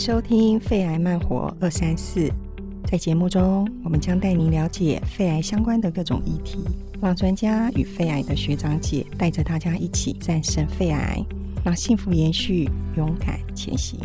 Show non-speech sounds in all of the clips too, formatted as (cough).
收聽肺癌慢活二三四。在節目中，我們將帶您了解肺癌相關的各種議題，讓專家與肺癌的學長姐帶着大家一起戰勝肺癌，讓幸福延續，勇敢前行。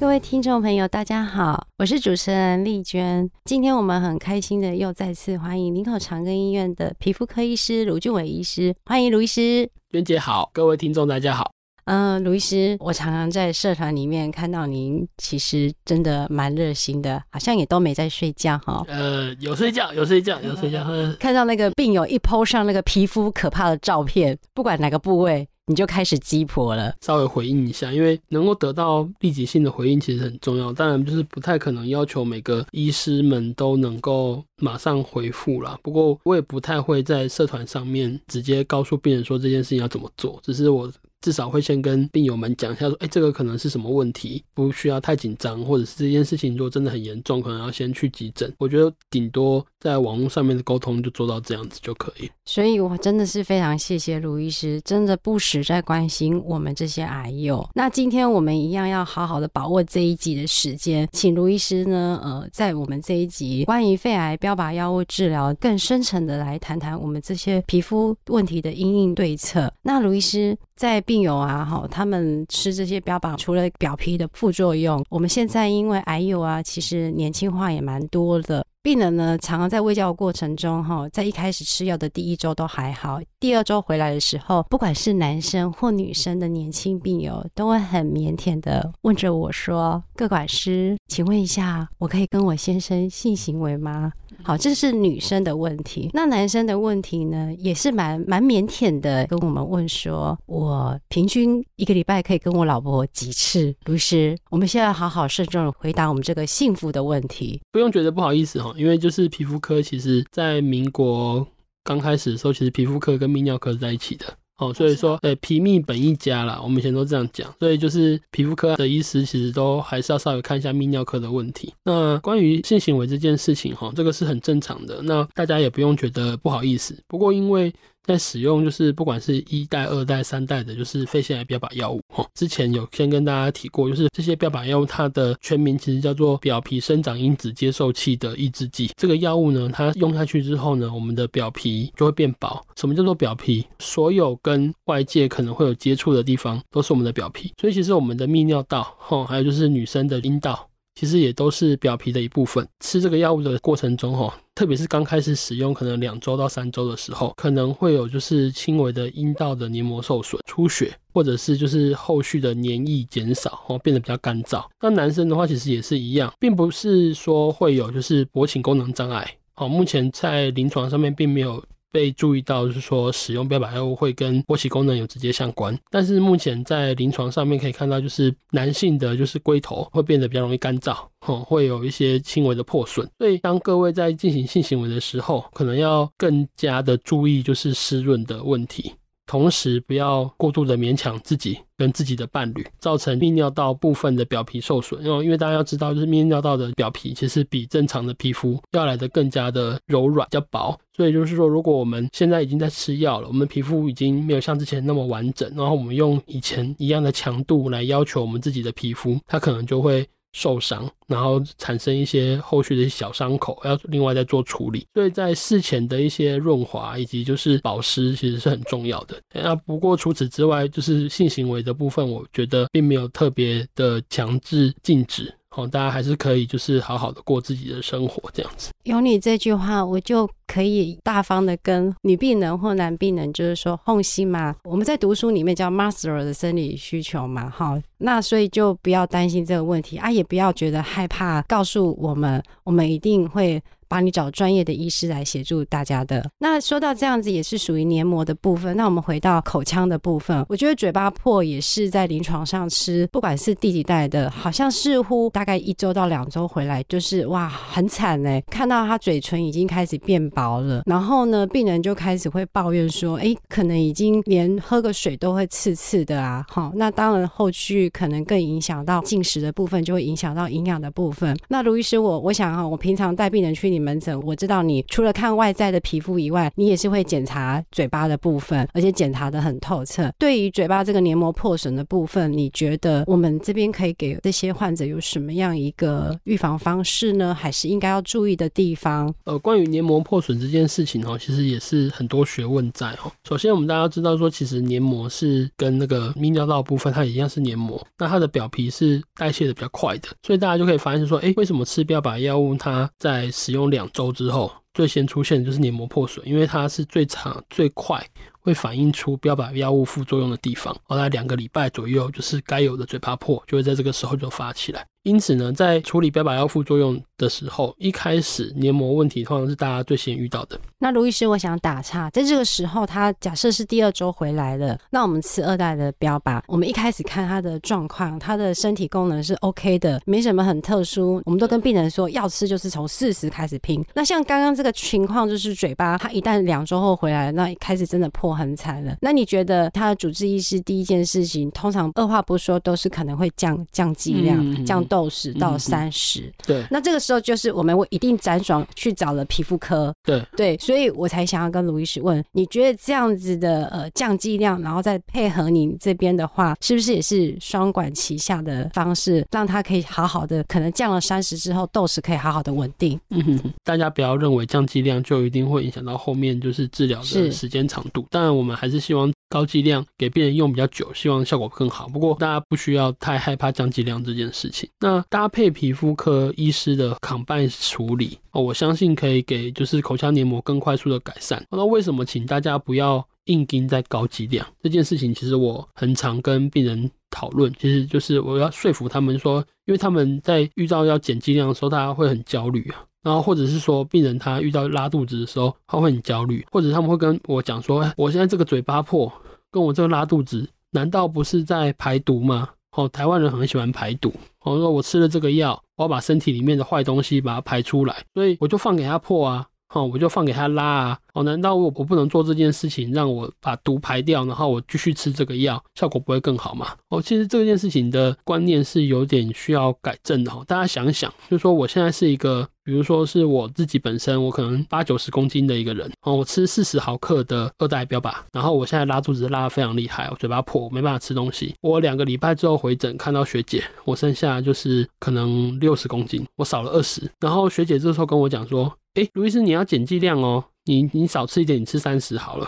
各位聽眾朋友，大家好，我是主持人麗娟。今天我們很開心的又再次歡迎林口長庚醫院的皮膚科醫師盧俊瑋醫師，歡迎盧醫師。娟姐好，各位聽眾大家好。嗯，盧醫師，我常常在社團裡面看到您，其實真的蠻熱心的，好像也都沒在睡覺哈。哦、呃，有睡覺，有睡覺，有睡覺。看到那個病友一 PO 上那個皮膚可怕的照片，不管哪個部位，你就開始雞婆了。稍微回應一下，因為能夠得到立即性的回應其實很重要。當然，就是不太可能要求每個醫師們都能夠馬上回復啦。不過，我也不太會在社團上面直接告訴病人說這件事情要怎麼做，只是我。至少會先跟病友們講一下，說，哎，這個可能是什麼問題，不需要太緊張，或者是這件事情如果真的很嚴重，可能要先去急診。我覺得頂多在網絡上面的溝通就做到這樣子就可以。所以，我真的是非常謝謝盧醫師，真的不時在關心我們這些癌友。那今天我們一樣要好好的把握這一集的時間，請盧醫師呢，呃，在我們這一集關於肺癌標靶藥物治療更深層的來談談我們這些皮膚問題的因應對策。那盧醫師。在病友啊，哈，他們吃這些標靶除了表皮的副作用，我們現在因為癌友啊，其實年輕化也蠻多的。病人呢，常常在餵藥的過程中，哈，在一開始吃藥的第一周都還好，第二周回來的時候，不管是男生或女生的年輕病友，都會很腼腆的問着我說：“個管師，請問一下，我可以跟我先生性行為嗎？”好，這是女生的問題。那男生的問題呢，也是蠻蠻腼腆的，跟我們問說：“我平均一個禮拜可以跟我老婆幾次？”不是，我們現在好好慎重的回答我們這個幸福的問題，不用覺得不好意思哈。因為就是皮膚科，其實在民國剛開始的時候，其實皮膚科跟泌尿科是在一起的哦，所以說，呃，皮泌本一家啦，我們以前都這樣講，所以就是皮膚科的醫師其實都還是要稍微看一下泌尿科的問題。那關於性行為這件事情，哈，這個是很正常的，那大家也不用覺得不好意思。不過因為在使用，就是不管是一代、二代、三代的，就是肺腺癌標靶藥物。吼，之前有先跟大家提過，就是這些標靶藥物它的全名其實叫做表皮生長因子接受器的抑制劑。這個藥物呢，它用下去之後呢，我們的表皮就會變薄。什麼叫做表皮？所有跟外界可能會有接觸的地方都是我們的表皮。所以其實我們的泌尿道，吼，還有就是女生的陰道。其實也都是表皮的一部分。吃這個藥物的過程中，哈，特別是剛開始使用，可能兩週到三周的時候，可能會有就是輕微的陰道的黏膜受損、出血，或者是就是後續的黏液減少，哦，變得比較乾燥。那男生的話其實也是一樣，並不是說會有就是勃起功能障礙，哦，目前在臨床上面並沒有。被注意到就是說使用標靶藥物會跟勃起功能有直接相關，但是目前在臨床上面可以看到，就是男性的就是龜頭會變得比較容易乾燥，吼，會有一些輕微的破損，所以當各位在進行性行為的時候，可能要更加的注意就是濕潤的問題。同時，不要過度的勉強自己跟自己的伴侶，造成泌尿道部分的表皮受損。因為大家要知道，就是泌尿道的表皮其實比正常的皮膚要來的更加的柔軟、比較薄。所以，就是說，如果我們現在已經在吃藥了，我們皮膚已經沒有像之前那麼完整，然後我們用以前一樣的強度來要求我們自己的皮膚，它可能就會受傷，然後產生一些後續的一些小傷口，要另外再做處理。所以，在事前的一些潤滑以及就是保濕，其實是很重要的。那不過除此之外，就是性行為的部分，我覺得並沒有特別的強制禁止。好，大家還是可以就是好好的過自己的生活，這樣子。有你這句話，我就可以大方的跟女病人或男病人，就是說放心嘛。我們在讀書裡面叫 Maslow 的生理需求嘛，好，那所以就不要擔心這個問題啊，也不要覺得害怕，告訴我們，我們一定會。幫你找專業的醫師來協助大家的。那說到這樣子，也是屬於黏膜的部分。那我們回到口腔的部分，我覺得嘴巴破也是在臨床上吃，不管是第幾代的，好像似乎大概一周到兩周回來，就是哇，很慘呢。看到他嘴唇已經開始變薄了。然後呢，病人就開始會抱怨說，誒、欸，可能已經連喝個水都會刺刺的啊。好、哦，那當然後續可能更影響到進食的部分，就會影響到營養的部分。那盧醫師，我我想哈，我平常帶病人去你。門診，我知道你除了看外在的皮膚以外，你也是會檢查嘴巴的部分，而且檢查的很透徹。對於嘴巴這個黏膜破損的部分，你覺得我們這邊可以給這些患者有什麼樣一個預防方式呢？還是應該要注意的地方？呃，關於黏膜破損這件事情哦，其實也是很多學問在哦。首先，我們大家知道說，其實黏膜是跟那個泌尿道部分它一樣是黏膜，那它的表皮是代謝的比較快的，所以大家就可以發現說，誒，為什麼吃標靶藥物它在使用。兩週之後，最先出現的就是黏膜破損，因為它是最常、最快會反映出標靶藥物副作用的地方。然後在兩個禮拜左右，就是該有的嘴巴破，就會在這個時候就發起來。因此呢，在處理標靶藥副作用的時候，一開始黏膜問題通常是大家最先遇到的。那盧醫師，我想打岔，在這個時候，他假設是第二周回來了，那我們吃二代的標靶，我們一開始看他的狀況，他的身體功能是 OK 的，沒什麼很特殊。我們都跟病人說，要吃就是從四十開始拼。那像剛剛這個情況，就是嘴巴他一旦兩周後回來，那一開始真的破很慘了。那你覺得他的主治醫師第一件事情，通常二話不說都是可能會降降劑量，嗯嗯。降。豆十到三十，嗯，對，那這個時候就是我們我一定輾轉去找了皮膚科，對對，所以我才想要跟盧醫師問，你覺得這樣子的呃降劑量，然後再配合您這邊的話，是不是也是雙管齊下的方式，讓它可以好好的，可能降了三十之後，豆十可以好好的穩定。嗯哼，大家不要認為降劑量就一定會影響到後面就是治療的時間長度，是當然我們還是希望高劑量給病人用比較久，希望效果更好。不過大家不需要太害怕降劑量這件事情。那搭配皮膚科醫師的抗敗處理哦，我相信可以給就是口腔黏膜更快速的改善。那為什麼請大家不要硬盯在高劑量這件事情？其實我很常跟病人討論，其實就是我要說服他們說，因為他們在遇到要減劑量的時候，大家會很焦慮啊。然後或者是說病人他遇到拉肚子的時候，他會很焦慮，或者他們會跟我講說，欸，我現在這個嘴巴破，跟我這個拉肚子，難道不是在排毒嗎？哦，臺灣人很喜歡排毒。我、哦、說我吃了這個藥，我要把身體裡面的壞東西把它排出來，所以我就放給他破啊。哦，我就放給他拉啊。哦，難道我我不能做這件事情，讓我把毒排掉，然後我繼續吃這個藥，效果不會更好嗎？哦，其實這件事情的觀念是有點需要改正的。大家想一想，就是說我現在是一個，比如說是我自己本身，我可能八九十公斤的一個人，哦，我吃四十毫克的二代標靶，然後我現在拉肚子拉得非常厲害，我嘴巴破，我沒辦法吃東西。我兩個禮拜之後回診看到學姐，我剩下就是可能六十公斤，我少了二十。然後學姐這時候跟我講說。誒，盧醫師，你要減劑量哦。你你少吃一點，你吃三十好了。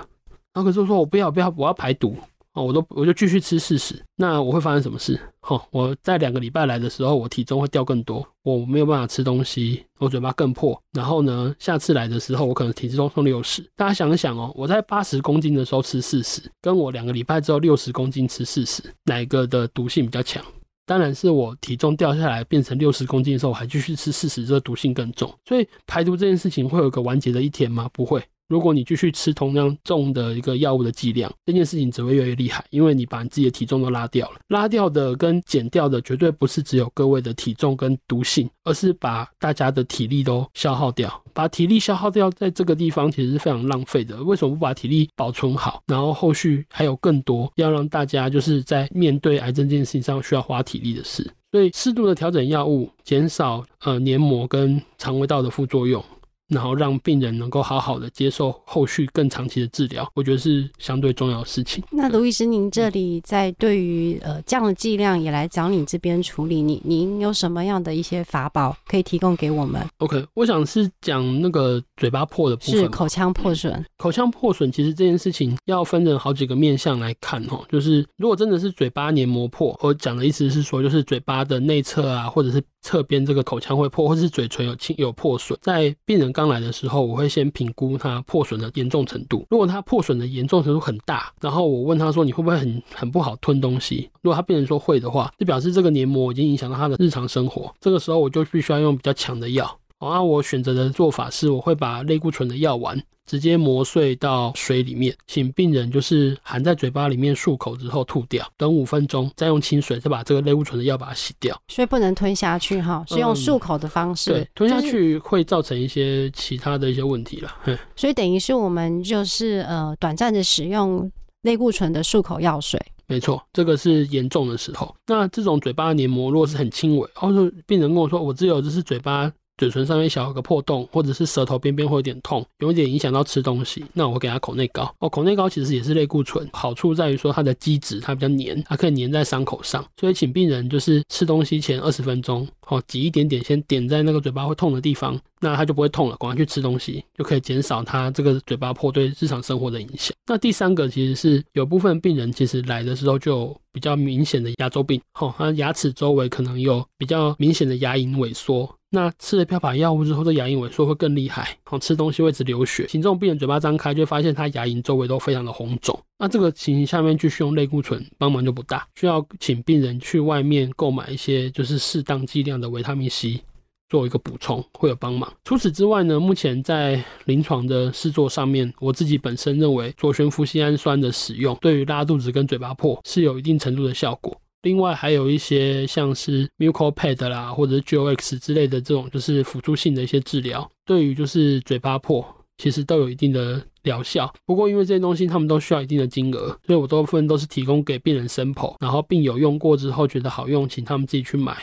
後、啊、可是我說，我不要我不要，我要排毒哦。我都我就繼續吃四十。那我會發生什麼事？哈、哦，我在兩個禮拜來的時候，我體重會掉更多。我沒有辦法吃東西，我嘴巴更破。然後呢，下次來的時候，我可能體重都剩六十。大家想一想哦，我在八十公斤的時候吃四十，跟我兩個禮拜之後六十公斤吃四十，哪一個的毒性比較強？當然是我體重掉下來變成六十公斤的時候，我還繼續吃四十，這個毒性更重。所以排毒這件事情會有個完結的一天嗎？不會。如果你繼續吃同樣重的一個藥物的劑量，這件事情只會越來越厲害，因為你把你自己的體重都拉掉了，拉掉的跟減掉的絕對不是只有各位的體重跟毒性，而是把大家的體力都消耗掉，把體力消耗掉在這個地方其實是非常浪費的。為什麼不把體力保存好，然後後續還有更多要讓大家就是在面對癌症這件事情上需要花體力的事？所以適度的調整藥物，減少呃黏膜跟腸胃道的副作用。然後讓病人能夠好好的接受後續更長期的治療，我覺得是相對重要的事情。那盧醫師，您這裡在對於呃這樣的劑量也來找你這邊處理，你您有什麼樣的一些法寶可以提供給我們？OK，我想是講那個嘴巴破的部分，是口腔破損。口腔破損其實這件事情要分成好幾個面向來看哦，就是如果真的是嘴巴黏膜破，我講的意思是說，就是嘴巴的內側啊，或者是側邊這個口腔會破，或是嘴唇有輕有破損，在病人剛來的時候，我會先評估它破損的嚴重程度。如果它破損的嚴重程度很大，然後我問他說：“你會不會很很不好吞東西？”如果他病人說會的話，就表示這個黏膜已經影響到他的日常生活。這個時候我就必須要用比較強的藥。好，啊，那我選擇的做法是，我會把類固醇的藥丸。直接磨碎到水裡面，請病人就是含在嘴巴裡面漱口之後吐掉，等五分鐘再用清水再把這個類固醇的藥把它洗掉。所以不能吞下去哈，嗯，是用漱口的方式。對，吞下去會造成一些其他的一些問題了。哼，所以等於是我們就是呃短暫的使用類固醇的漱口藥水。沒錯，這個是嚴重的時候。那這種嘴巴黏膜如果是很輕微哦，就病人跟我說我只有就是嘴巴。嘴唇上面小有個破洞，或者是舌頭邊邊會有點痛，有一點影響到吃東西，那我給他口內膏哦。口內膏其實也是類固醇，好處在於說它的基質它比較黏，它可以黏在傷口上，所以請病人就是吃東西前二十分鐘，哦，擠一點點先點在那個嘴巴會痛的地方，那他就不會痛了，趕快去吃東西就可以減少他這個嘴巴破對日常生活的影響。那第三個其實是有部分病人其實來的時候就有比較明顯的牙周病，好，哦，他牙齒周圍可能有比較明顯的牙齦萎縮。那吃了標靶藥物之後，這牙齦萎縮會更厲害，好，吃東西會直流血。請這種病人嘴巴張開，就會發現他牙齦周圍都非常的紅腫。那這個情形下面繼續用類固醇幫忙就不大，需要請病人去外面購買一些就是適當劑量的維他命 C 做一個補充會有幫忙。除此之外呢，目前在臨床的試作上面，我自己本身認為左旋麩醯胺酸的使用對於拉肚子跟嘴巴破是有一定程度的效果。另外還有一些像是 Mucopad 啦，或者是 GOX 之類的這種，就是輔助性的一些治療，對於就是嘴巴破，其實都有一定的療效。不過因為這些東西他們都需要一定的金額，所以我多部分都是提供給病人 sample，然後病友用過之後覺得好用，請他們自己去買。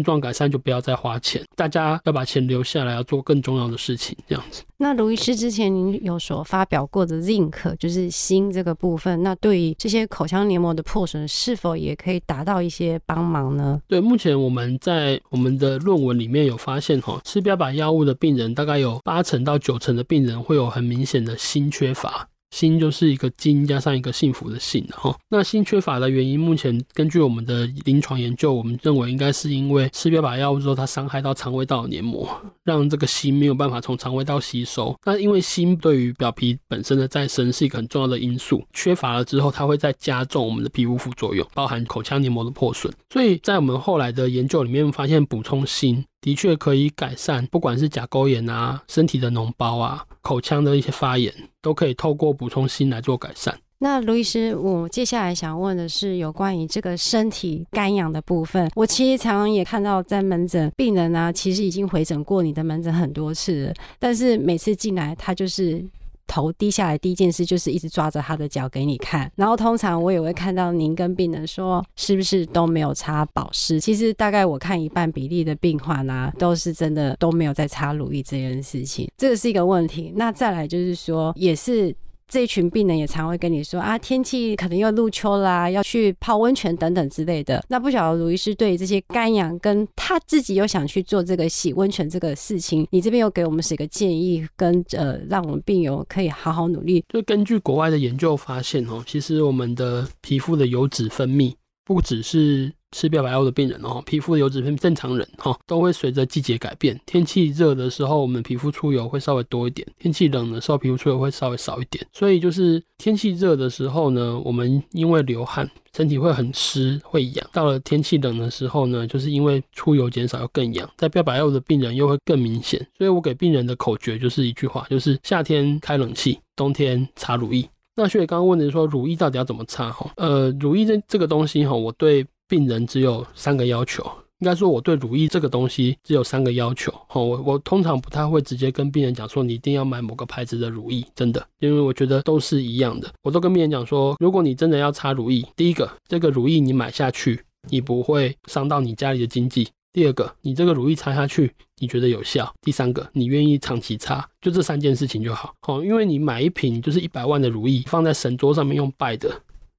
症狀改善就不要再花錢，大家要把錢留下來，要做更重要的事情。這樣子。那盧醫師之前您有所發表過的 zinc 就是鋅這個部分，那對於這些口腔黏膜的破損，是否也可以達到一些幫忙呢？對，目前我們在我們的論文裡面有發現，哈，吃標靶藥物的病人，大概有八成到九成的病人會有很明顯的鋅缺乏。鋅就是一個金加上一個幸福的幸，哈、哦。那鋅缺乏的原因，目前根據我們的臨床研究，我們認為應該是因為吃標靶藥物之後，它傷害到腸胃道黏膜，讓這個鋅沒有辦法從腸胃道吸收。那因為鋅對於表皮本身的再生是一個很重要的因素，缺乏了之後，它會再加重我們的皮膚副作用，包含口腔黏膜的破損。所以在我們後來的研究裡面，發現補充鋅。的確可以改善，不管是甲溝炎啊、身體的膿包啊、口腔的一些發炎，都可以透過補充鋅來做改善。那盧醫師，我接下來想問的是有關於這個身體乾癢的部分。我其實常常也看到在門診病人啊，其實已經回診過你的門診很多次了，但是每次進來他就是。頭低下來，第一件事就是一直抓着他的腳給你看。然後通常我也會看到您跟病人說，是不是都沒有擦保濕？其實大概我看一半比例的病患呢、啊，都是真的都沒有在擦乳液這件事情，這個是一個問題。那再來就是說，也是。這一群病人也常會跟你說啊，天氣可能又入秋啦、啊，要去泡溫泉等等之類的。那不曉得盧醫師對於這些乾癢跟他自己又想去做這個洗溫泉這個事情，你這邊又給我們寫個建議跟呃，讓我們病友可以好好努力。就根據國外的研究發現哦，其實我們的皮膚的油脂分泌不只是。吃標靶藥的病人哦，皮膚油脂跟正常人哈、哦、都會隨着季節改變。天氣熱的時候，我們皮膚出油會稍微多一點；天氣冷的時候，皮膚出油會稍微少一點。所以就是天氣熱的時候呢，我們因為流汗，身體會很濕，會癢；到了天氣冷的時候呢，就是因為出油減少，又更癢。在標靶藥的病人又會更明顯。所以我給病人的口訣就是一句話，就是夏天開冷氣，冬天擦乳液。那學姐剛剛問的說，乳液到底要怎麼擦？哈，呃，乳液這這個東西哈，我對。病人只有三個要求，應該說我對乳液這個東西只有三個要求。哦，我我通常不太會直接跟病人講說你一定要買某個牌子的乳液，真的，因為我覺得都是一樣的。我都跟病人講說，如果你真的要擦乳液，第一個，這個乳液你買下去，你不會傷到你家裡的經濟；第二個，你這個乳液擦下去，你覺得有效；第三個，你願意長期擦，就這三件事情就好。哦，因為你買一瓶就是一百萬的乳液放在神桌上面用拜的，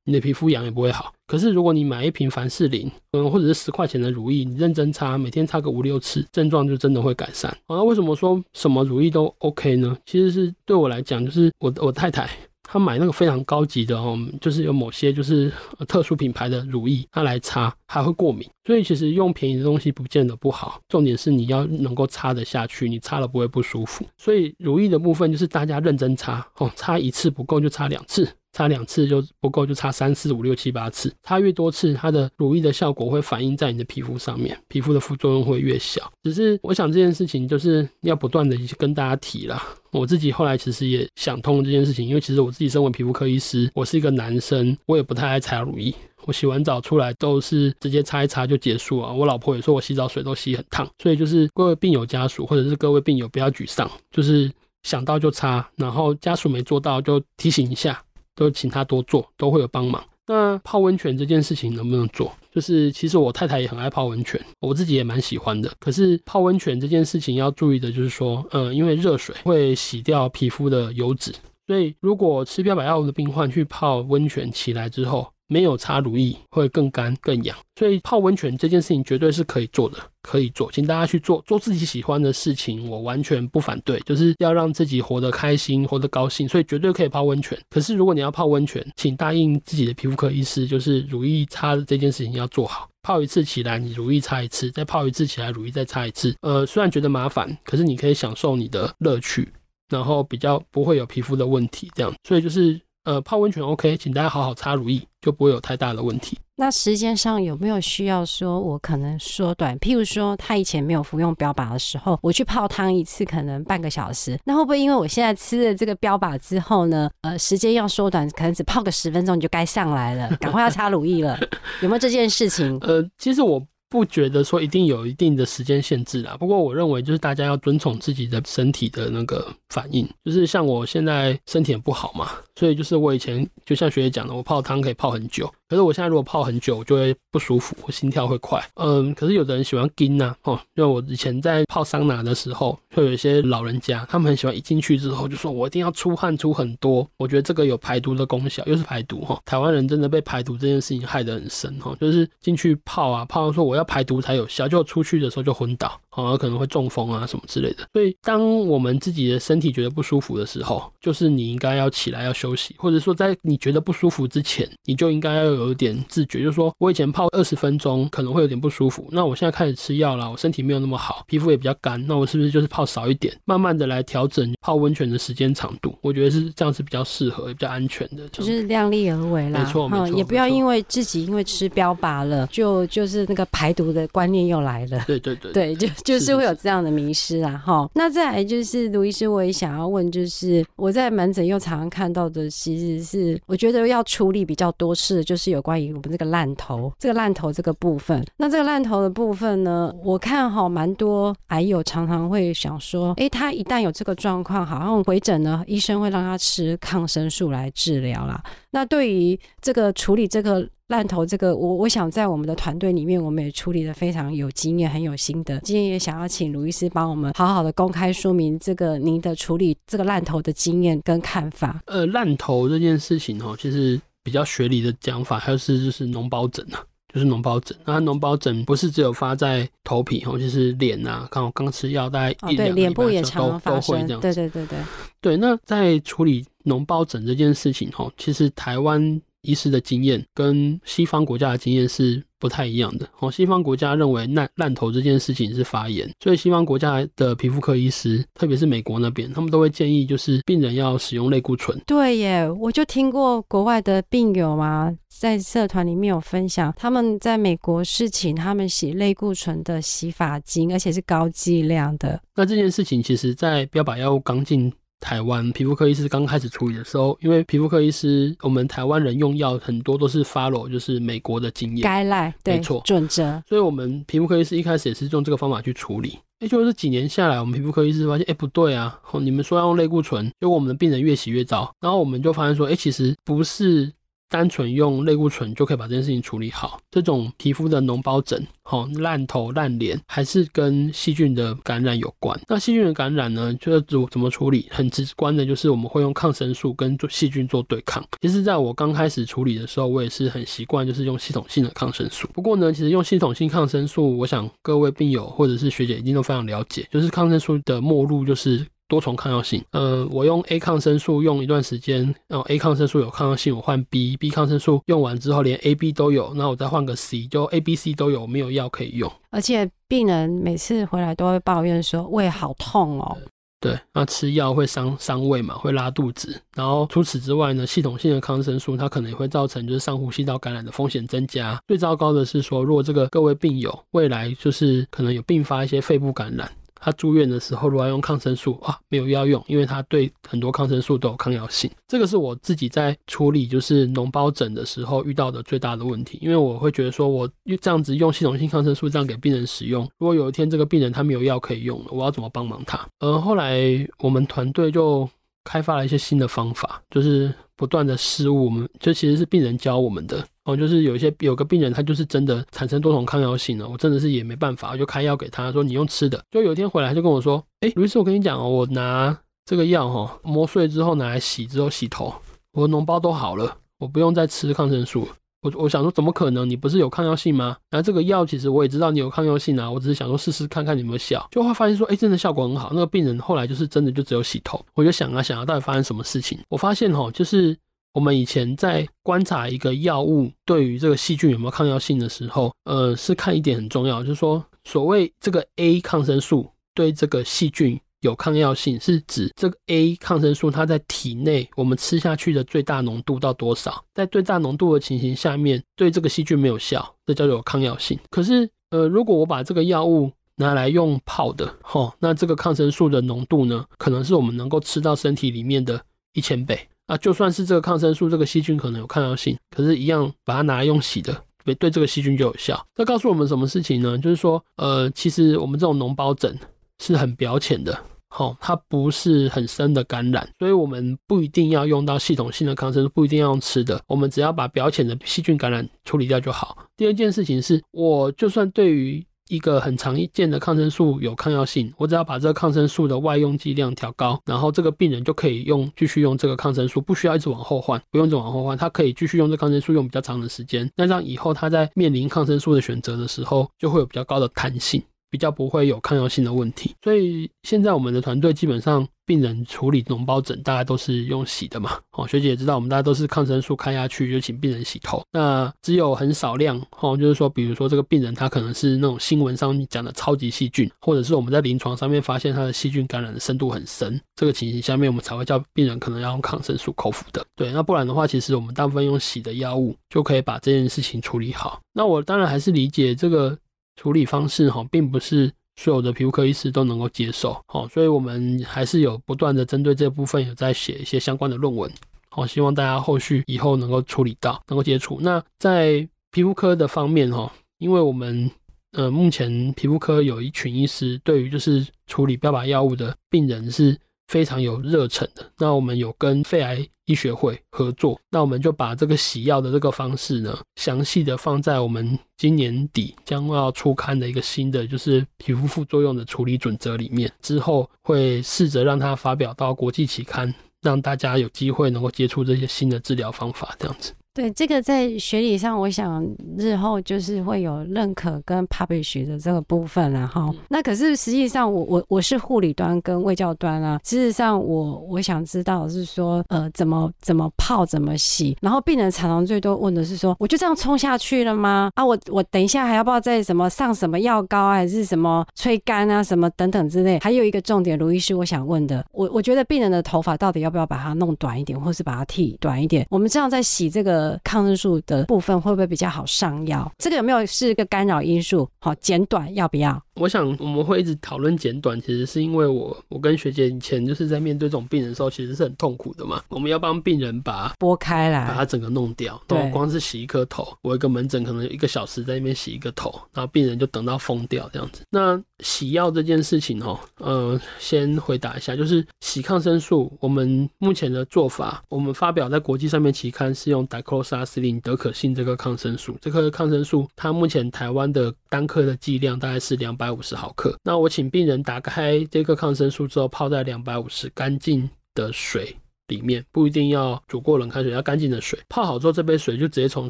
你的皮膚癢也不會好。可是如果你買一瓶凡士林，嗯，或者是十塊錢的乳液，你認真擦，每天擦個五六次，症狀就真的會改善。好、啊，那為什麼說什麼乳液都 OK 呢？其實是對我來講，就是我我太太她買那個非常高級的哦、嗯，就是有某些就是特殊品牌的乳液，她來擦還會過敏。所以其實用便宜的東西不見得不好，重點是你要能夠擦得下去，你擦了不會不舒服。所以乳液的部分就是大家認真擦，哦，擦一次不夠就擦兩次。擦兩次就不夠，就擦三四五六七八次，擦越多次，它的乳液的效果會反映在你的皮膚上面，皮膚的副作用會越小。只是我想這件事情就是要不斷的去跟大家提了。我自己後來其實也想通了這件事情，因為其實我自己身為皮膚科醫師，我是一個男生，我也不太愛擦乳液，我洗完澡出來都是直接擦一擦就結束啊。我老婆也說我洗澡水都洗很燙，所以就是各位病友家屬或者是各位病友不要沮喪，就是想到就擦，然後家屬沒做到就提醒一下。都請他多做，都會有幫忙。那泡溫泉這件事情能不能做？就是其實我太太也很愛泡溫泉，我自己也蠻喜歡的。可是泡溫泉這件事情要注意的就是說，呃，因為熱水會洗掉皮膚的油脂，所以如果吃標靶藥物的病患去泡溫泉起來之後。沒有擦乳液會更乾更癢，所以泡溫泉這件事情絕對是可以做的，可以做，請大家去做，做自己喜歡的事情，我完全不反對，就是要讓自己活得開心，活得高興，所以絕對可以泡溫泉。可是如果你要泡溫泉，請答應自己的皮膚科醫師，就是乳液擦這件事情要做好，泡一次起來你乳液擦一次，再泡一次起來乳液再擦一次。呃，雖然覺得麻煩，可是你可以享受你的樂趣，然後比較不會有皮膚的問題這樣，所以就是。呃，泡溫泉 OK，請大家好好擦乳液，就不會有太大的問題。那時間上有沒有需要說我可能縮短？譬如說，他以前沒有服用標靶的時候，我去泡湯一次可能半個小時，那會不會因為我現在吃了這個標靶之後呢？呃，時間要縮短，可能只泡個十分鐘你就該上來了，趕快要擦乳液了， (laughs) 有沒有這件事情？呃，其實我。不覺得說一定有一定的時間限制啦，不過我認為就是大家要遵從自己的身體的那個反應，就是像我現在身體也不好嘛，所以就是我以前就像學姐講的，我泡湯可以泡很久。可是我現在如果泡很久，我就會不舒服，我心跳會快。嗯，可是有的人喜歡 gin 哪、啊，哦，因為我以前在泡桑拿的時候，會有一些老人家，他們很喜歡一進去之後就說，我一定要出汗出很多，我覺得這個有排毒的功效，又是排毒哈。台灣人真的被排毒這件事情害得很深，哈，就是進去泡啊，泡到說我要排毒才有效，就出去的時候就昏倒。好像可能會中風啊什麼之類的，所以當我們自己的身體覺得不舒服的時候，就是你應該要起來要休息，或者說在你覺得不舒服之前，你就應該要有一點自覺，就是說我以前泡二十分鐘可能會有點不舒服，那我現在開始吃藥了，我身體沒有那麼好，皮膚也比較乾，那我是不是就是泡少一點，慢慢的來調整泡溫泉的時間長度？我覺得是這樣是比較適合，也比較安全的，就是量力而為啦，沒錯，沒錯、哦，也不要沒錯因為自己因為吃標靶了，就就是那個排毒的觀念又來了，對對對， (laughs) 對，對就。就是會有這樣的迷思啦，啊，哈。不那再來就是盧醫師，我也想要問，就是我在門診又常常看到的，其實是我覺得要處理比較多事，就是有關於我們這個爛頭，這個爛頭這個部分。那這個爛頭的部分呢，我看哈、喔、蠻多癌友常常會想說，哎，欸，他一旦有這個狀況，好像回診呢，醫生會讓他吃抗生素來治療啦。那對於這個處理這個。爛頭這個，我我想在我們的團隊裡面，我們也處理的非常有經驗，很有心得。今天也想要請盧醫師幫我們好好的公開說明這個您的處理這個爛頭的經驗跟看法。呃，爛頭這件事情哦，其實比較學理的講法，還是就是膿、就是、膿包疹啊，就是膿包疹。嗯、那膿包疹不是只有發在頭皮哦，就是臉啊，剛好剛吃藥大概一兩、啊對，臉部也常，常發生都，都會這樣。對對對對對。那在處理膿包疹這件事情哦，其實台灣，醫師的經驗跟西方國家的經驗是不太一樣的。哦，西方國家認為爛爛頭這件事情是發炎，所以西方國家的皮膚科醫師，特別是美國那邊，他們都會建議就是病人要使用類固醇。對耶，我就聽過國外的病友啊，在社團裡面有分享，他們在美國是請他們洗類固醇的洗髮精，而且是高劑量的。那這件事情其實在，在標靶藥物剛進。台灣皮膚科醫師剛開始處理的時候，因為皮膚科醫師，我們台灣人用藥很多都是 follow 就是美國的經驗，該賴。對，沒錯，準則，所以我們皮膚科醫師一開始也是用這個方法去處理。也、欸、就是幾年下來，我們皮膚科醫師發現，哎、欸、不對啊，你們說要用類固醇，結果我們的病人越洗越糟，然後我們就發現說，哎、欸、其實不是。單純用類固醇就可以把這件事情處理好，這種皮膚的膿皰疹、好爛頭爛臉，還是跟細菌的感染有關。那細菌的感染呢，就是怎怎麼處理？很直觀的就是我們會用抗生素跟做細菌做對抗。其實在我剛開始處理的時候，我也是很習慣，就是用系統性的抗生素。不過呢，其實用系統性抗生素，我想各位病友或者是學姐一定都非常了解，就是抗生素的末路就是。多重抗藥性，呃，我用 A 抗生素用一段時間，然後、哦、A 抗生素有抗藥性，我換 B，B 抗生素用完之後連 A、B 都有，那我再換個 C，就 A、B、C 都有，沒有藥可以用。而且病人每次回來都會抱怨說胃好痛哦。嗯、對，那吃藥會傷傷胃嘛，會拉肚子。然後除此之外呢，系統性的抗生素它可能也會造成就是上呼吸道感染的風險增加。最糟糕的是說，如果這個各位病友未來就是可能有併發一些肺部感染。他住院的時候，如果要用抗生素啊，沒有藥用，因為他對很多抗生素都有抗藥性。這個是我自己在處理就是膿皰疹的時候遇到的最大的問題，因為我會覺得說，我這樣子用系統性抗生素這樣給病人使用，如果有一天這個病人他沒有藥可以用了，我要怎麼幫忙他？而後來我們團隊就開發了一些新的方法，就是不斷的失誤，我們就這其實是病人教我們的。哦，就是有一些有個病人，他就是真的產生多重抗藥性了。我真的是也沒辦法，我就開藥給他說，你用吃的。就有一天回來就跟我說，哎、欸，盧醫師我跟你講，我拿這個藥哈，磨碎之後拿來洗，之後洗頭，我的膿包都好了，我不用再吃抗生素。我我想說，怎麼可能？你不是有抗藥性嗎？然後這個藥其實我也知道你有抗藥性啊，我只是想說試試看看你有沒有效，就會發現說，哎、欸，真的效果很好。那個病人後來就是真的就只有洗頭，我就想啊想啊，到底發生什麼事情？我發現哈，就是。我們以前在觀察一個藥物對於這個細菌有沒有抗藥性的時候，呃，是看一點很重要，就是說，所謂這個 A 抗生素對這個細菌有抗藥性，是指這個 A 抗生素它在體內我們吃下去的最大濃度到多少，在最大濃度的情形下面，對這個細菌沒有效，這叫做有抗藥性。可是，呃，如果我把這個藥物拿來用泡的，吼、哦，那這個抗生素的濃度呢，可能是我們能夠吃到身體裡面的一千倍。啊，就算是這個抗生素，這個細菌可能有抗藥性，可是，一樣把它拿來用洗的，對對，這個細菌就有效。這告訴我們什麼事情呢？就是說，呃，其實我們這種膿疱疹是很表淺的，好、哦，它不是很深的感染，所以我們不一定要用到系統性的抗生素，不一定要用吃的，我們只要把表淺的細菌感染處理掉就好。第二件事情是，我就算對於。一個很常見的抗生素有抗藥性，我只要把這個抗生素的外用劑量調高，然後這個病人就可以用繼續用這個抗生素，不需要一直往後換，不用一直往後換，他可以繼續用這個抗生素用比較長的時間，那讓以後他在面臨抗生素的選擇的時候，就會有比較高的彈性。比較不會有抗藥性的問題，所以現在我們的團隊基本上病人處理膿皰疹，大概都是用洗的嘛。哦，學姐也知道，我們大家都是抗生素開下去，就請病人洗頭。那只有很少量哦，就是說，比如說這個病人他可能是那種新聞上講的超級細菌，或者是我們在臨床上面發現他的細菌感染的深度很深，這個情形下面，我們才會叫病人可能要用抗生素口服的。對，那不然的話，其實我們大部分用洗的藥物就可以把這件事情處理好。那我當然還是理解這個。處理方式哈，並不是所有的皮膚科醫師都能夠接受哦，所以我們還是有不斷的針對這部分有在寫一些相關的論文哦，希望大家後續以後能夠處理到，能夠接觸。那在皮膚科的方面哈，因為我們呃目前皮膚科有一群醫師，對於就是處理標靶藥物的病人是。非常有熱忱的，那我們有跟肺癌醫學會合作，那我們就把這個洗藥的這個方式呢，詳細的放在我們今年底將要出刊的一個新的就是皮膚副作用的處理準則裡面，之後會試着讓它發表到國際期刊，讓大家有機會能夠接觸這些新的治療方法，這樣子。對這個在學理上，我想日後就是會有認可跟 publish 的這個部分，然後那可是實際上我，我我我是護理端跟衛教端啊。事實上我，我我想知道是說，呃，怎麼怎麼泡，怎麼洗。然後病人常常最多問的是說，我就這樣衝下去了嗎？啊，我我等一下還要不要再什麼上什麼藥膏啊，還是什麼吹乾啊什麼等等之類。還有一個重點，盧醫師，我想問的，我我覺得病人的頭髮到底要不要把它弄短一點，或是把它剃短一點？我們這樣在洗這個。呃，抗生素的部分會不會比較好上藥？這個有沒有是一個干擾因素？好、哦，剪短要不要？我想我們會一直討論剪短，其實是因為我我跟學姐以前就是在面對這種病人的時候，其實是很痛苦的嘛。我們要幫病人把撥開來，把它整個弄掉。對，光是洗一顆頭，對我一個門診可能一個小時在那邊洗一個頭，然後病人就等到瘋掉這樣子。那洗藥這件事情哦，嗯，先回答一下，就是洗抗生素，我們目前的做法，我們發表在國際上面期刊是用洛沙司林德可信這個抗生素，這顆抗生素它目前台灣的單顆的劑量大概是兩百五十毫克。那我請病人打開這個抗生素之後，泡在兩百五十乾淨的水。裡面不一定要煮過冷開水，要乾淨的水。泡好之後，這杯水就直接從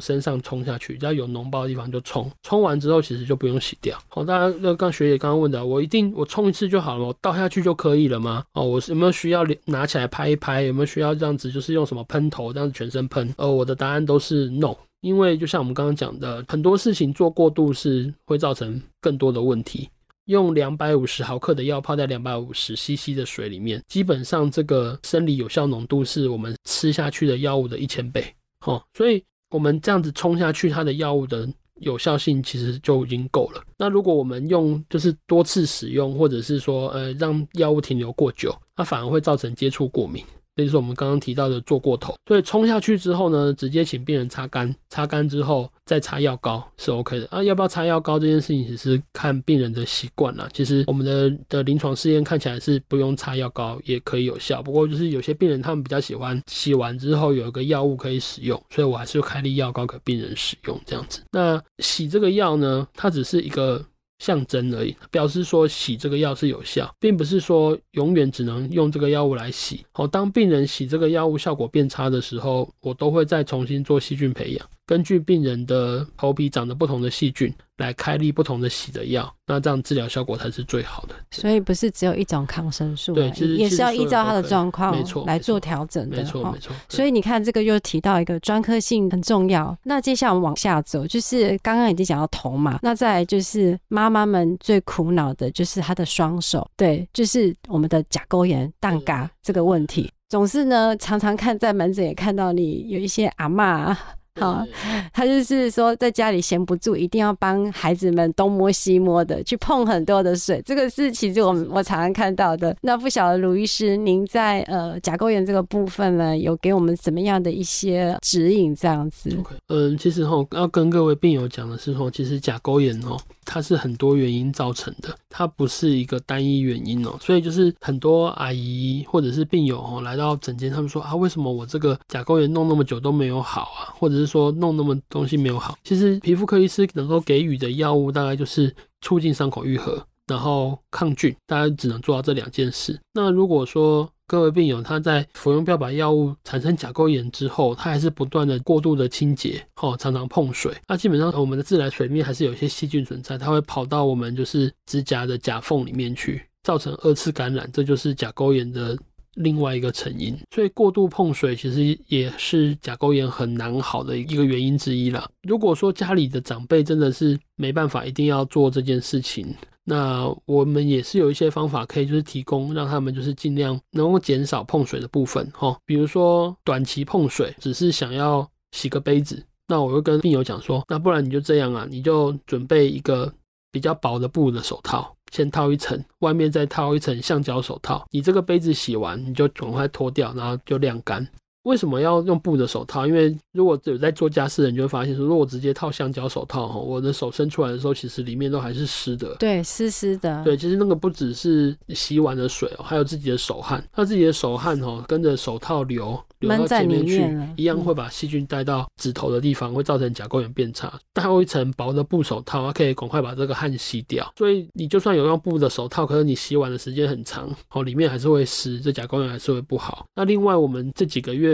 身上沖下去，只要有膿包的地方就沖。沖完之後，其實就不用洗掉。好，大家那剛學姐剛剛問的，我一定我沖一次就好了，我倒下去就可以了嗎？哦，我是有沒有需要拿起來拍一拍？有沒有需要這樣子就是用什麼噴頭這樣子全身噴？而、呃、我的答案都是 no，因為就像我們剛剛講的，很多事情做過度是會造成更多的問題。用兩百五十毫克的藥泡在兩百五十 CC 的水裡面，基本上這個生理有效濃度是我們吃下去的藥物的一千倍，哦，所以我們這樣子沖下去，它的藥物的有效性其實就已經夠了。那如果我們用就是多次使用，或者是說呃讓藥物停留過久，它反而會造成接觸過敏。這就是我們剛剛提到的做過頭，所以沖下去之後呢，直接請病人擦乾，擦乾之後再擦藥膏是 OK 的啊。要不要擦藥膏這件事情，只是看病人的習慣啦，其實我們的的臨床試驗看起來是不用擦藥膏也可以有效，不過就是有些病人他們比較喜歡洗完之後有一個藥物可以使用，所以我還是開立藥膏給病人使用這樣子。那洗這個藥呢，它只是一個。象徵而已，表示說洗這個藥是有效，並不是說永遠只能用這個藥物來洗。好，當病人洗這個藥物效果變差的時候，我都會再重新做細菌培養。根據病人的頭皮長的不同的細菌來開立不同的洗的藥，那這樣治療效果才是最好的。所以不是只有一種抗生素、啊，對，其實也是要依照它的狀況來做調整的。沒錯，沒錯。沒哦、沒，所以你看，這個又提到一個專科性很重要。那接下來我們往下走，就是剛剛已經講到頭嘛，那再來就是媽媽們最苦惱的就是她的雙手，對，就是我們的甲溝炎、蛋嘎這個問題，是總是呢常常看在門診也看到你有一些阿嬤。對好、啊，他就是說，在家裡閒不住，一定要幫孩子們東摸西摸的去碰很多的水。這個是其實我們我常常看到的。那不曉得盧醫師，您在呃甲溝炎這個部分呢，有給我們什麼樣的一些指引？這樣子。Okay. 嗯，其實哈，要跟各位病友講的時候，其實甲溝炎哦。它是很多原因造成的，它不是一個單一原因哦、喔，所以就是很多阿姨或者是病友哦、喔，來到診間，他們說啊，為什麼我這個甲溝炎弄那麼久都沒有好啊，或者是說弄那麼東西沒有好？其實皮膚科醫師能夠給予的藥物大概就是促進傷口癒合，然後抗菌，大概只能做到這兩件事。那如果說各位病友，他在服用標靶藥物產生甲溝炎之後，他還是不斷的過度的清潔，哦，常常碰水。那基本上我們的自來水面還是有一些細菌存在，它會跑到我們就是指甲的甲縫裡面去，造成二次感染，這就是甲溝炎的另外一個成因。所以過度碰水其實也是甲溝炎很難好的一個原因之一啦。如果說家裡的長輩真的是沒辦法，一定要做這件事情。那我們也是有一些方法可以，就是提供讓他們就是盡量能夠減少碰水的部分齁。比如說短期碰水，只是想要洗個杯子，那我會跟病友講說，那不然你就這樣啊，你就準備一個比較薄的布的手套，先套一層，外面再套一層橡膠手套。你這個杯子洗完，你就趕快脫掉，然後就晾乾。為什麼要用布的手套？因為如果有在做家事的人就會發現說，說如果我直接套橡膠手套，哈，我的手伸出來的時候，其實裡面都還是濕的。對，濕濕的。對，其實那個不只是洗碗的水，還有自己的手汗。那自己的手汗，吼，跟着手套流，流到前面去，面一樣會把細菌帶到指頭的地方，會造成甲溝炎變差。戴厚一層薄的布手套，它可以趕快把這個汗吸掉。所以你就算有用布的手套，可是你洗碗的時間很長，哦，裡面還是會濕，這甲溝炎還是會不好。那另外我們這幾個月。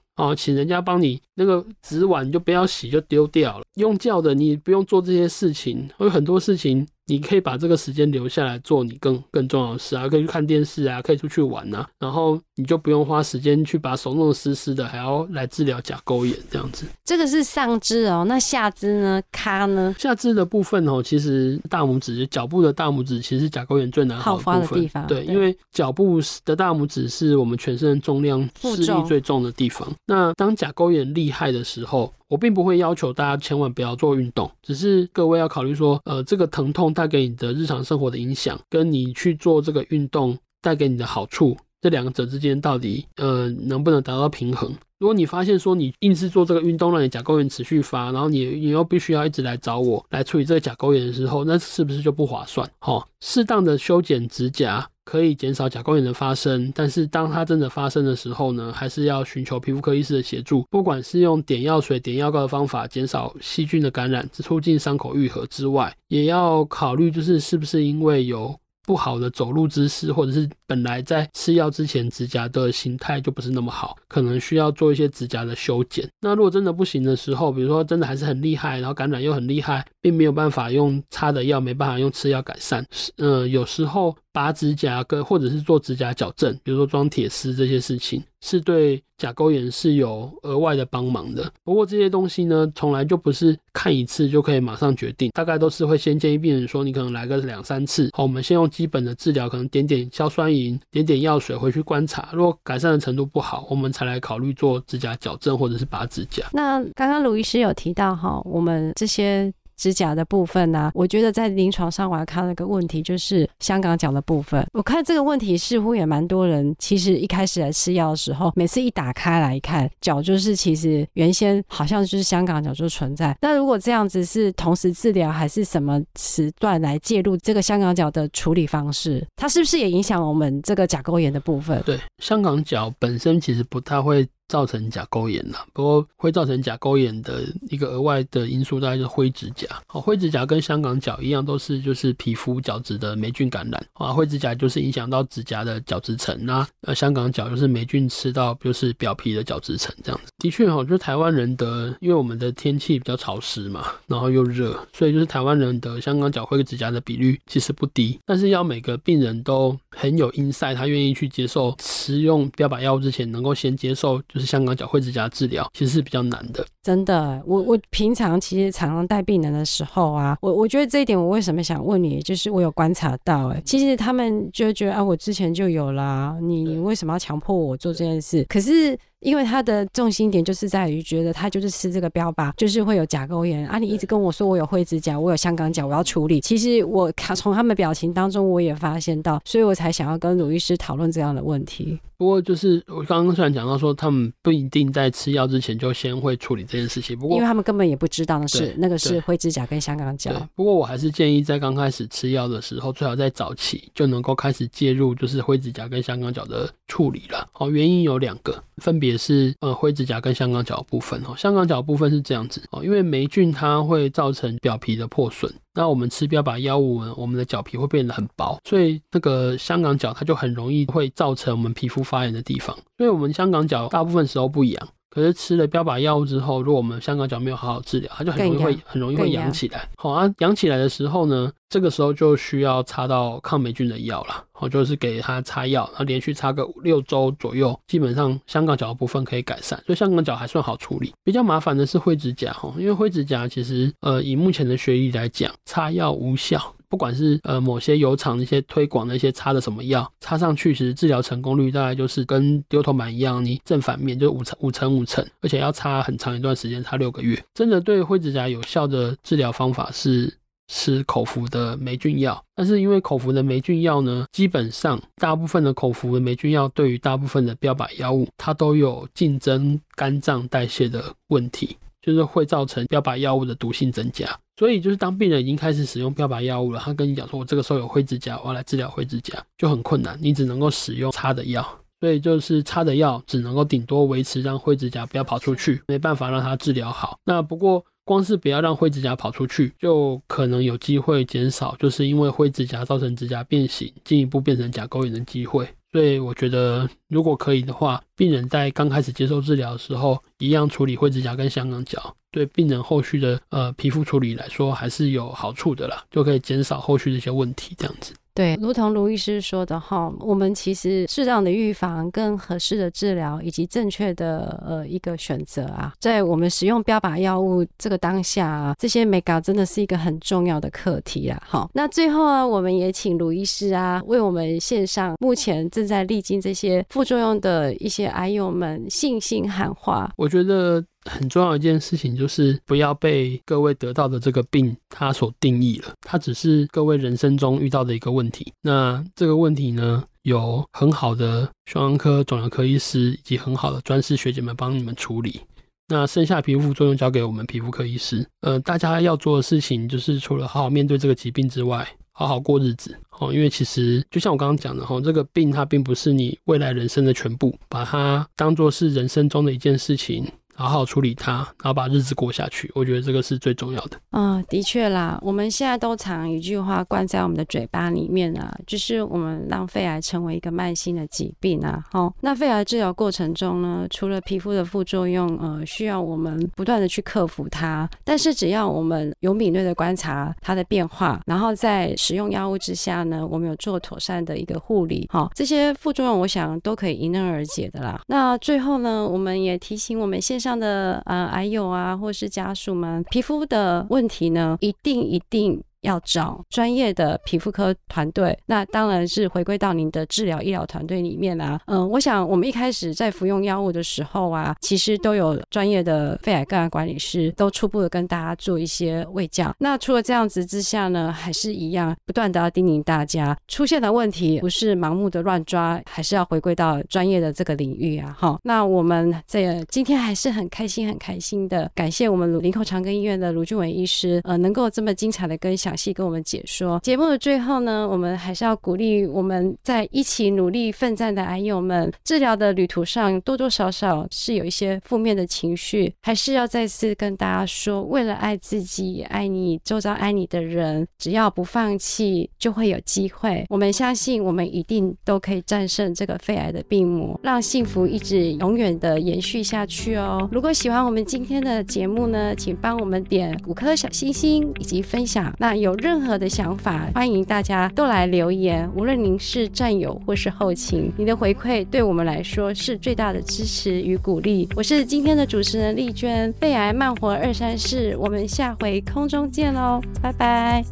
哦，請人家幫你那個紙碗你就不要洗，就丟掉了。用叫的，你不用做這些事情，會有很多事情。你可以把這個時間留下來做你更更重要的事啊，可以去看電視啊，可以出去玩啊，然後你就不用花時間去把手弄濕濕的，還要來治療甲溝炎這樣子。這個是上肢哦，那下肢呢？它呢？下肢的部分哦，其實大拇指、腳部的大拇指，其實是甲溝炎最難好的部分。好發的地方。對，對。因為腳部的大拇指是我們全身重量施力最重的地方。負重。那當甲溝炎厲害的時候。我並不會要求大家千萬不要做運動，只是各位要考慮說，呃，這個疼痛帶給你的日常生活的影響，跟你去做這個運動帶給你的好處，這兩者之間到底，呃，能不能達到平衡？如果你發現說，你硬是做這個運動讓你甲溝炎持續發，然後你你又必須要一直來找我來處理這個甲溝炎的時候，那是不是就不划算？好、哦。適當的修剪指甲可以減少甲溝炎的發生，但是當它真的發生的時候呢，還是要尋求皮膚科醫師的協助。不管是用點藥水、點藥膏的方法減少細菌的感染，促進傷口癒合之外，也要考慮就是是不是因為有不好的走路姿勢或者是。本來在吃藥之前，指甲的形態就不是那麼好，可能需要做一些指甲的修剪。那如果真的不行的時候，比如說真的還是很厲害，然後感染又很厲害，並沒有辦法用擦的藥，沒辦法用吃藥改善。嗯、呃，有時候拔指甲根或者是做指甲矯正，比如說裝鐵絲這些事情，是對甲溝炎是有額外的幫忙的。不過這些東西呢，從來就不是看一次就可以馬上決定，大概都是會先建議病人說，你可能來個兩三次。好，我們先用基本的治療，可能點點硝酸銀。點點藥水回去觀察，如果改善的程度不好，我們才來考慮做指甲矯正或者是拔指甲。那剛剛盧醫師有提到哈，我們這些。指甲的部分呢、啊，我覺得在臨床上我還看了個問題，就是香港腳的部分。我看這個問題似乎也蠻多人。其實一開始來吃藥的時候，每次一打開來看，腳就是其實原先好像就是香港腳就存在。那如果這樣子是同時治療，還是什麼時段來介入這個香港腳的處理方式？它是不是也影響我們這個甲溝炎的部分？對，香港腳本身其實不太會。造成甲溝炎啦，不過會造成甲溝炎的一個額外的因素，大概就是灰指甲。哦，灰指甲跟香港腳一樣，都是就是皮膚角質的黴菌感染啊。灰指甲就是影響到指甲的角質層啊，那，香港腳就是黴菌吃到就是表皮的角質層這樣子。的確哈、哦，就是台灣人的，因為我們的天氣比較潮濕嘛，然後又熱，所以就是台灣人的香港腳、灰指甲的比率其實不低。但是要每個病人都很有因 t 他願意去接受使用漂靶藥物之前，能夠先接受就是香港腳、灰指甲治療，其實是比較難的。真的，我我平常其實常常帶病人的時候啊，我我覺得這一點，我為什麼想問你，就是我有觀察到、欸，其實他們就覺得，啊，我之前就有啦，你為什麼要強迫我做這件事？對 可是。因為他的重心點就是在於覺得他就是吃這個標靶，就是會有甲溝炎。啊，你一直跟我說我有灰指甲，我有香港腳，我要處理。其實我從他們表情當中我也發現到，所以我才想要跟盧醫師討論這樣的問題。不過就是我剛剛雖然講到說他們不一定在吃藥之前就先會處理這件事情，不過因為他們根本也不知道那是對那個是灰指甲跟香港腳對對。不過我還是建議在剛開始吃藥的時候，最好在早期就能夠開始介入，就是灰指甲跟香港腳的處理了。好，原因有兩個，分別。也是呃、嗯、灰指甲跟香港腳的部分哦，香港腳的部分是這樣子哦，因為霉菌它會造成表皮的破損，那我們吃標靶藥物呢，我們的腳皮會變得很薄，所以那個香港腳它就很容易會造成我們皮膚發炎的地方，所以我們香港腳大部分時候不癢。可是吃了標靶藥物之後，如果我們香港腳沒有好好治療，它就很容易會很容易會癢起來。好癢、喔、啊，癢起來的時候呢，這個時候就需要擦到抗黴菌的藥了。好、喔，就是給它擦藥，然後連續擦個五六週左右，基本上香港腳的部分可以改善。所以香港腳還算好處理，比較麻煩的是灰指甲哈，因為灰指甲其實呃以目前的學理來講，擦藥無效。不管是呃某些油廠那些推廣那些擦的什麼藥，擦上去其實治療成功率大概就是跟丟銅板一樣，你正反面就是五成五成五成，而且要擦很長一段時間，擦六個月。真的對灰指甲有效的治療方法是吃口服的霉菌藥，但是因為口服的霉菌藥呢，基本上大部分的口服的霉菌藥對於大部分的標靶藥物，它都有競爭肝臟代謝的問題，就是會造成標靶藥物的毒性增加。所以就是，當病人已經開始使用標靶藥物了，他跟你講說：“我這個時候有灰指甲，我要來治療灰指甲，就很困難。你只能夠使用擦的藥，所以就是擦的藥只能夠頂多維持讓灰指甲不要跑出去，沒辦法讓它治療好。那不過……光是不要讓灰指甲跑出去，就可能有機會減少，就是因為灰指甲造成指甲變形，進一步變成甲溝炎的機會。所以我覺得，如果可以的話，病人在剛開始接受治療的時候，一樣處理灰指甲跟香港腳，對病人後續的呃皮膚處理來說，還是有好處的啦，就可以減少後續的一些問題，這樣子。對，如同盧醫師說的哈，我們其實適當的預防、更合適的治療以及正確的呃一個選擇啊，在我們使用標靶藥物這個當下啊，這些眉角真的是一個很重要的課題啊。好、哦，那最後啊，我們也請盧醫師啊，為我們線上目前正在歷經這些副作用的一些癌友們信心喊話。我覺得。很重要的一件事情，就是不要被各位得到的這個病它所定義了，它只是各位人生中遇到的一個問題。那這個問題呢，有很好的胸腔科、腫瘤科醫師以及很好的專師學姐們幫你們處理。那剩下皮膚副作用交給我們皮膚科醫師。呃，大家要做的事情就是除了好好面對這個疾病之外，好好過日子哦。因為其實就像我剛剛講的，吼，這個病它並不是你未來人生的全部，把它當做是人生中的一件事情。好好處理它，然後把日子過下去。我覺得這個是最重要的。嗯、呃，的確啦，我們現在都常一句話灌在我們的嘴巴裡面啊，就是我們讓肺癌成為一個慢性的疾病啊。好、哦，那肺癌治療過程中呢，除了皮膚的副作用，呃，需要我們不斷的去克服它。但是只要我們有敏銳的觀察它的變化，然後在使用藥物之下呢，我們有做妥善的一個護理，好、哦，這些副作用我想都可以迎刃而解的啦。那最後呢，我們也提醒我們線上。這樣的呃，癌友啊，或是家屬們皮膚的問題呢，一定一定，要找專業的皮膚科團隊，那當然是回歸到您的治療醫療團隊裡面啦、啊。嗯、呃，我想我們一開始在服用藥物的時候啊，其實都有專業的肺癌個案管理師都初步的跟大家做一些衛教。那除了這樣子之下呢，還是一樣不斷的要叮嚀大家，出現的問題不是盲目的亂抓，還是要回歸到專業的這個領域啊。哈，那我們這今天還是很開心，很開心的感謝我們林口長庚醫院的盧俊瑋醫師，呃，能夠這麼精彩的跟小。詳細跟我們解說。節目的最後呢，我們還是要鼓勵我們在一起努力奮戰的癌友們，治療的旅途上多多少少是有一些負面的情緒，還是要再次跟大家說，為了愛自己、愛你周遭愛你的人，只要不放棄，就會有機會。我們相信，我們一定都可以戰勝這個肺癌的病魔，讓幸福一直永遠的延續下去哦。如果喜歡我們今天的節目呢，請幫我們點五顆小星星以及分享那。有任何的想法，歡迎大家都來留言。無論您是戰友或是後勤，您的回饋對我們來說是最大的支持與鼓勵。我是今天的主持人麗娟，肺癌慢活二三事，我們下回空中見嘍，拜拜。